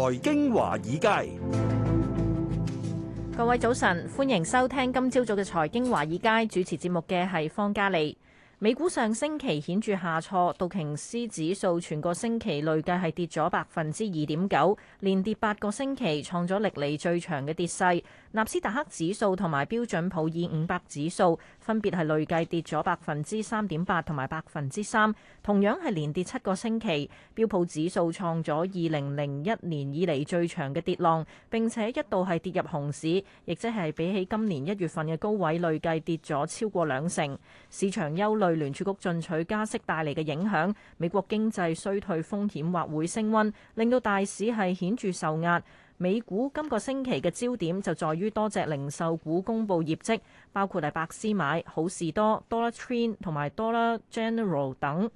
財經華爾街，各位早晨，歡迎收聽今朝早嘅財經華爾街主持節目嘅係方嘉利，美股上星期顯著下挫，道瓊斯指數全個星期累計係跌咗百分之二點九，連跌八個星期，創咗歷嚟最長嘅跌勢。納斯達克指數同埋標準普爾五百指數。分別係累計跌咗百分之三點八同埋百分之三，同樣係連跌七個星期，標普指數創咗二零零一年以嚟最長嘅跌浪，並且一度係跌入熊市，亦即係比起今年一月份嘅高位累計跌咗超過兩成。市場憂慮聯儲局進取加息帶嚟嘅影響，美國經濟衰退風險或會升溫，令到大市係顯著受壓。美股今個星期嘅焦點就在於多隻零售股公布業績，包括係百思買、好市多、Dollar Tree 同埋 Dollar General 等。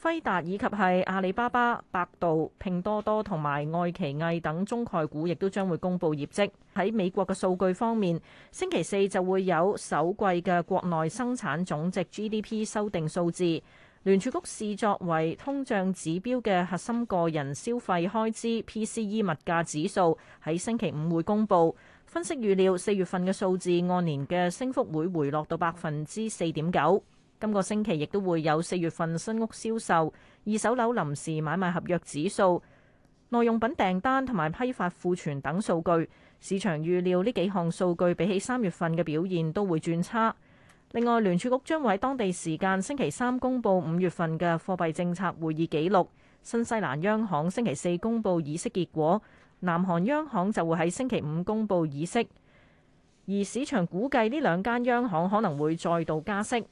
輝達以及係阿里巴巴、百度、拼多多同埋愛奇藝等中概股亦都將會公布業績。喺美國嘅數據方面，星期四就會有首季嘅國內生產總值 GDP 修訂數字。聯儲局視作為通脹指標嘅核心個人消費開支 PCE 物價指數喺星期五會公布。分析預料四月份嘅數字按年嘅升幅會回落到百分之四點九。今個星期亦都會有四月份新屋銷售、二手樓臨時買賣合約指數、耐用品訂單同埋批發庫存等數據。市場預料呢幾項數據比起三月份嘅表現都會轉差。另外，聯儲局將會喺當地時間星期三公佈五月份嘅貨幣政策會議紀錄。新西蘭央行星期四公佈議息結果，南韓央行就會喺星期五公佈議息。而市場估計呢兩間央行可能會再度加息。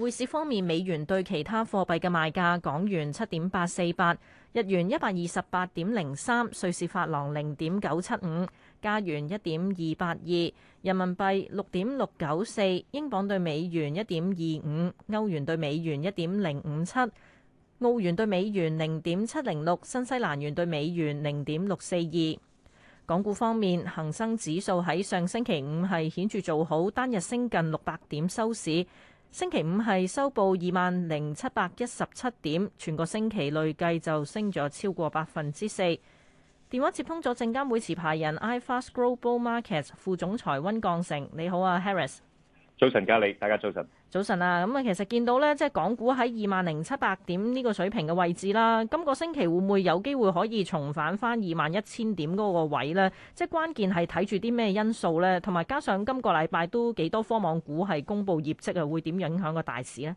匯市方面，美元對其他貨幣嘅賣價：港元七點八四八，日元一百二十八點零三，瑞士法郎零點九七五，加元一點二八二，人民幣六點六九四，英鎊兌美元一點二五，歐元兌美元一點零五七，澳元兌美元零點七零六，新西蘭元兌美元零點六四二。港股方面，恒生指數喺上星期五係顯著做好，單日升近六百點收市。星期五係收報二萬零七百一十七點，全個星期累計就升咗超過百分之四。電話接通咗證監會持牌人 iFast Global Markets 副總裁温鋼成，你好啊，Harris。早晨，嘉利，大家早晨。早晨啊，咁啊，其實見到咧，即係港股喺二萬零七百點呢個水平嘅位置啦。今個星期會唔會有機會可以重返翻二萬一千點嗰個位咧？即係關鍵係睇住啲咩因素咧？同埋，加上今個禮拜都幾多科網股係公布業績啊，會點影響個大市咧？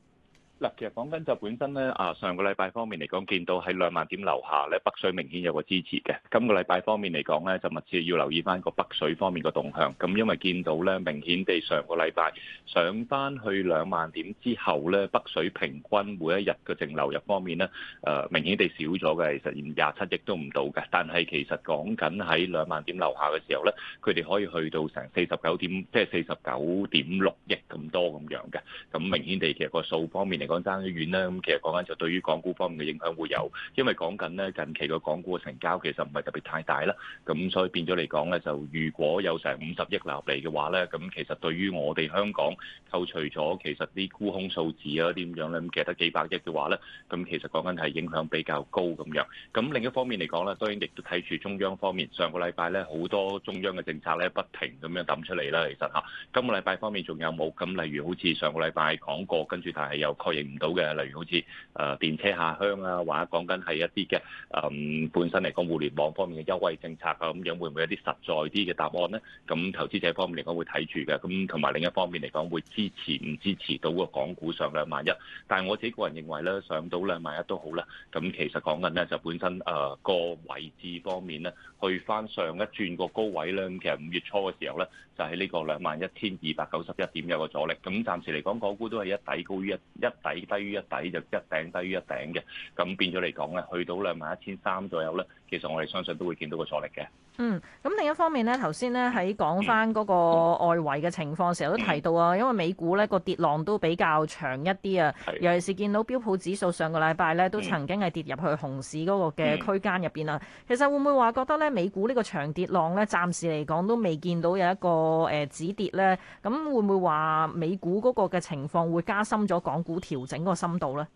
其實講緊就本身咧，啊上個禮拜方面嚟講，見到喺兩萬點樓下咧，北水明顯有個支持嘅。今個禮拜方面嚟講咧，就密切要留意翻個北水方面個動向。咁因為見到咧，明顯地上個禮拜上翻去兩萬點之後咧，北水平均每一日嘅淨流入方面咧，誒、呃、明顯地少咗嘅，係實現廿七億都唔到嘅。但係其實講緊喺兩萬點樓下嘅時候咧，佢哋可以去到成四十九點，即係四十九點六億咁多咁樣嘅。咁明顯地，其實個數方面嚟講，講爭啲遠啦，咁其實講緊就對於港股方面嘅影響會有，因為講緊咧近期個港股嘅成交其實唔係特別太大啦，咁所以變咗嚟講呢，就如果有成五十億流嚟嘅話呢，咁其實對於我哋香港扣除咗其實啲沽空數字啊啲咁樣呢，咁其實得幾百億嘅話呢，咁其實講緊係影響比較高咁樣。咁另一方面嚟講呢，當然亦都睇住中央方面，上個禮拜呢，好多中央嘅政策呢不停咁樣抌出嚟啦。其實嚇，今個禮拜方面仲有冇？咁例如好似上個禮拜講過，跟住但係有。應唔到嘅，例如好似誒電車下鄉啊，或者講緊係一啲嘅誒本身嚟講互聯網方面嘅優惠政策啊，咁樣會唔會有啲實在啲嘅答案呢？咁投資者方面嚟講會睇住嘅，咁同埋另一方面嚟講會支持唔支持到個港股上兩萬一？但係我自己個人認為咧，上到兩萬一都好啦。咁其實講緊呢，就本身誒、呃、個位置方面呢。對翻上一轉個高位咧，其實五月初嘅時候咧，就喺呢個兩萬一千二百九十一點有個阻力。咁暫時嚟講，港股都係一底高於一，一底低於一底，就一頂低於一頂嘅。咁變咗嚟講咧，去到兩萬一千三左右咧。其實我哋相信都會見到個阻力嘅。嗯，咁另一方面呢，頭先呢喺講翻嗰個外圍嘅情況時候都提到啊，因為美股呢個跌浪都比較長一啲啊，的尤其是見到標普指數上個禮拜呢都曾經係跌入去熊市嗰個嘅區間入邊啦。嗯、其實會唔會話覺得呢美股呢個長跌浪呢，暫時嚟講都未見到有一個誒止跌呢？咁會唔會話美股嗰個嘅情況會加深咗港股調整嗰個深度呢？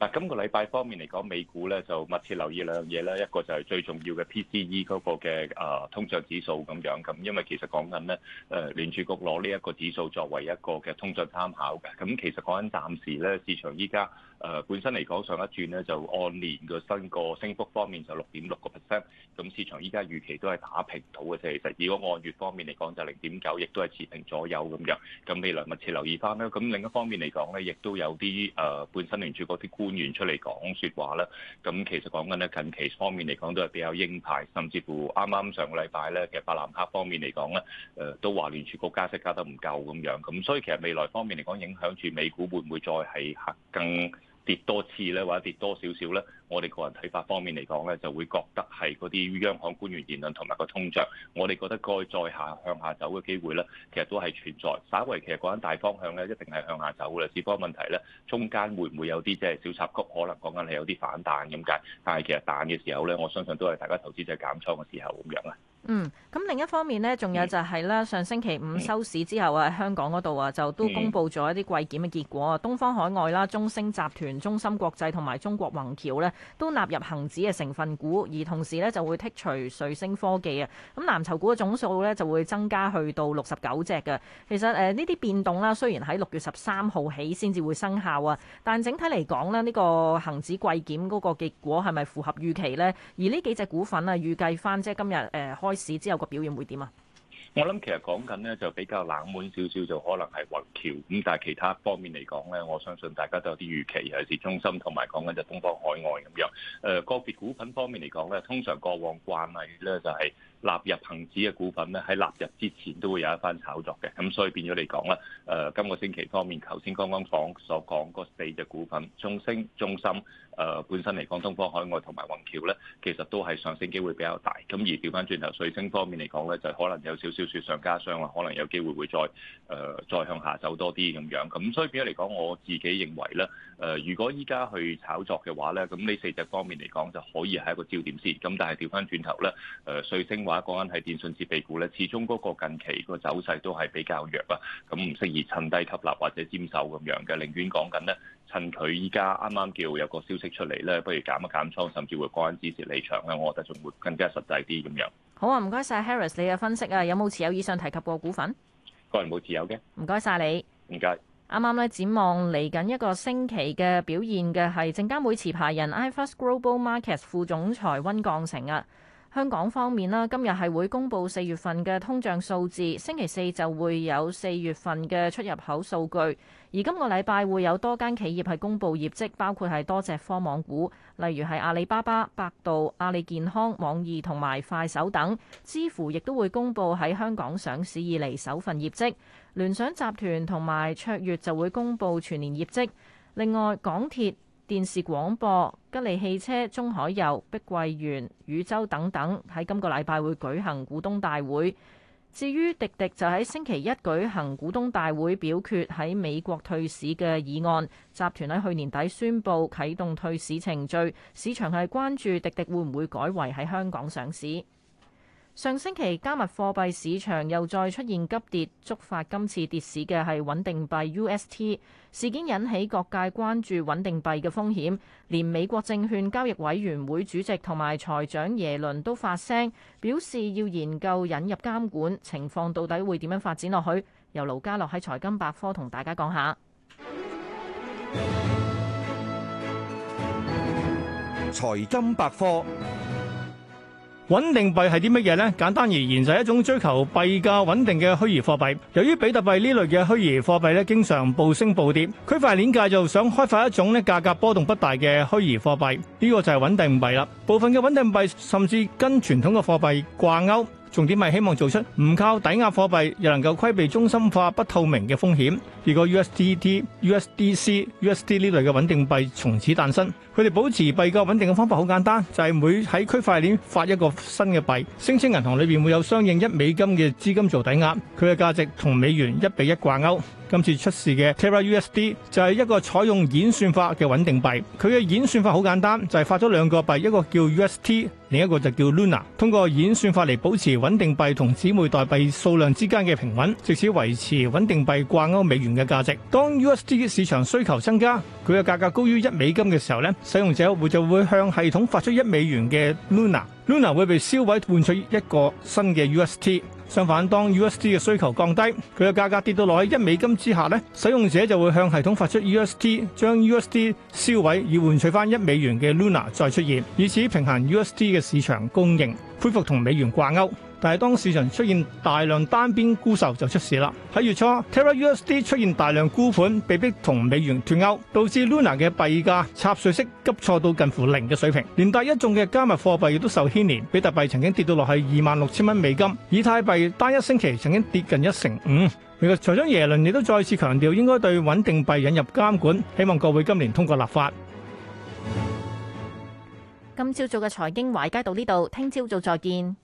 嗱，今個禮拜方面嚟講，美股咧就密切留意兩樣嘢啦，一個就係最重要嘅 PCE 嗰個嘅誒、啊、通脹指數咁樣，咁因為其實講緊咧，誒聯儲局攞呢一個指數作為一個嘅通脹參考嘅，咁其實講緊暫時咧，市場依家，誒本身嚟講，上一轉咧就按年嘅新個升幅方面就六點六個 percent，咁市場依家預期都係打平到嘅啫。其實如果按月方面嚟講就零點九，亦都係持平左右咁樣。咁未來密切留意翻啦。咁另一方面嚟講咧，亦都有啲誒、呃、本身聯儲局啲官員出嚟講説話啦。咁其實講緊咧近期方面嚟講都係比較鷹派，甚至乎啱啱上個禮拜咧嘅伯南克方面嚟講咧，誒都話聯儲局加息加得唔夠咁樣。咁所以其實未來方面嚟講，影響住美股會唔會再係更跌多次咧，或者跌多少少咧，我哋個人睇法方面嚟講咧，就會覺得係嗰啲央行官員言論同埋個通脹，我哋覺得該再下向下走嘅機會咧，其實都係存在。稍為其實講緊大方向咧，一定係向下走嘅。只不過問題咧，中間會唔會有啲即係小插曲，可能講緊係有啲反彈咁解，但係其實彈嘅時候咧，我相信都係大家投資者減倉嘅時候咁樣啦。嗯，咁。另一方面呢，仲有就係、是、啦，上星期五收市之後啊，香港嗰度啊就都公布咗一啲季檢嘅結果啊，東方海外啦、中升集團、中芯國際同埋中國宏橋咧都納入恒指嘅成分股，而同時咧就會剔除瑞聲科技啊。咁藍籌股嘅總數咧就會增加去到六十九隻嘅。其實誒呢啲變動啦，雖然喺六月十三號起先至會生效啊，但整體嚟講咧，呢、這個恒指季檢嗰個結果係咪符合預期咧？而呢幾隻股份啊，預計翻即係今日誒開市之後個。表現會點啊？我諗其實講緊呢就比較冷門少少，就可能係橫橋咁，但係其他方面嚟講呢，我相信大家都有啲預期，尤其是中芯同埋講緊就東方海外咁樣。誒、呃、個別股份方面嚟講呢，通常過往慣例呢就係、是、納入恒指嘅股份，呢喺納入之前都會有一番炒作嘅，咁所以變咗嚟講咧，誒、呃、今個星期方面頭先剛，剛剛講所講嗰四隻股份，中升中芯。誒本身嚟講，東方海外同埋雲橋咧，其實都係上升機會比較大。咁而調翻轉頭，瑞星方面嚟講咧，就可能有少少雪上加霜啊，可能有機會會再誒、呃、再向下走多啲咁樣。咁所以變咗嚟講，我自己認為咧，誒、呃、如果依家去炒作嘅話咧，咁呢四隻方面嚟講就可以係一個焦點先。咁但係調翻轉頭咧，誒瑞星話講緊係電信設備股咧，始終嗰個近期個走勢都係比較弱啊，咁唔適宜趁低吸納或者接手咁樣嘅。寧願講緊咧。趁佢依家啱啱叫有個消息出嚟咧，不如減一減倉，甚至會關支持離場咧。我覺得仲會更加實際啲咁樣。好啊，唔該晒 Harris 你嘅分析啊，有冇持有以上提及過股份？個人冇持有嘅。唔該晒。你。唔該謝。啱啱咧展望嚟緊一個星期嘅表現嘅係證監會持牌人 iFAST Global Markets 副總裁温鋼成啊。香港方面啦，今日係會公布四月份嘅通脹數字，星期四就會有四月份嘅出入口數據，而今個禮拜會有多間企業係公布業績，包括係多隻科網股，例如係阿里巴巴、百度、阿里健康、網易同埋快手等。知乎亦都會公布喺香港上市以嚟首份業績。聯想集團同埋卓越就會公布全年業績，另外，港鐵。電視廣播、吉利汽車、中海油、碧桂園、宇宙等等喺今個禮拜會舉行股東大會。至於滴滴就喺星期一舉行股東大會表決喺美國退市嘅議案。集團喺去年底宣布啟動退市程序，市場係關注滴滴會唔會改為喺香港上市。上星期加密貨幣市場又再出現急跌，觸發今次跌市嘅係穩定幣 UST 事件，引起各界關注穩定幣嘅風險。連美國證券交易委員會主席同埋財長耶倫都發聲，表示要研究引入監管。情況到底會點樣發展落去？由盧家樂喺財金百科同大家講下。財金百科。穩定幣係啲乜嘢呢？簡單而言就係一種追求幣價穩定嘅虛擬貨幣。由於比特幣呢類嘅虛擬貨幣咧，經常暴升暴跌，區塊鏈界就想開發一種咧價格波動不大嘅虛擬貨幣。呢、這個就係穩定幣啦。部分嘅穩定幣甚至跟傳統嘅貨幣掛鈎。重點係希望做出唔靠抵押貨幣，又能夠規避中心化不透明嘅風險。如果 USDT、USDC、USD 呢類嘅穩定幣從此誕生，佢哋保持幣價穩定嘅方法好簡單，就係每喺區塊鏈發一個新嘅幣，聲稱銀行裏邊會有相應一美金嘅資金做抵押，佢嘅價值同美元一比一掛鈎。今次出事嘅 Terra USD 就係一個採用演算法嘅穩定幣，佢嘅演算法好簡單，就係、是、發咗兩個幣，一個叫 UST，另一個就叫 Luna，通過演算法嚟保持穩定幣同姊妹代幣數量之間嘅平穩，藉此維持穩定幣掛鈎美元嘅價值。當 UST 嘅市場需求增加，佢嘅價格高於一美金嘅時候咧，使用者會就會向系統發出一美元嘅 Luna，Luna 會被銷毀，換取一個新嘅 UST 相反，當 USD 嘅需求降低，佢嘅價格跌到落喺一美金之下咧，使用者就會向系統發出 USD，將 USD 銷毀以換取返一美元嘅 Luna 再出現，以此平衡 USD 嘅市場供應。恢復同美元掛鈎，但係當市場出現大量單邊沽售，就出事啦。喺月初，Terra USD 出現大量沽盤，被逼同美元脫鈎，導致 Luna 嘅幣價插水式急挫到近乎零嘅水平，連帶一眾嘅加密貨幣亦都受牽連。比特幣曾經跌到落去二萬六千蚊美金，以太幣單一星期曾經跌近一成五。美國財長耶倫亦都再次強調，應該對穩定幣引入監管，希望各位今年通過立法。今朝早嘅財經華爾街到呢度，聽朝早再見。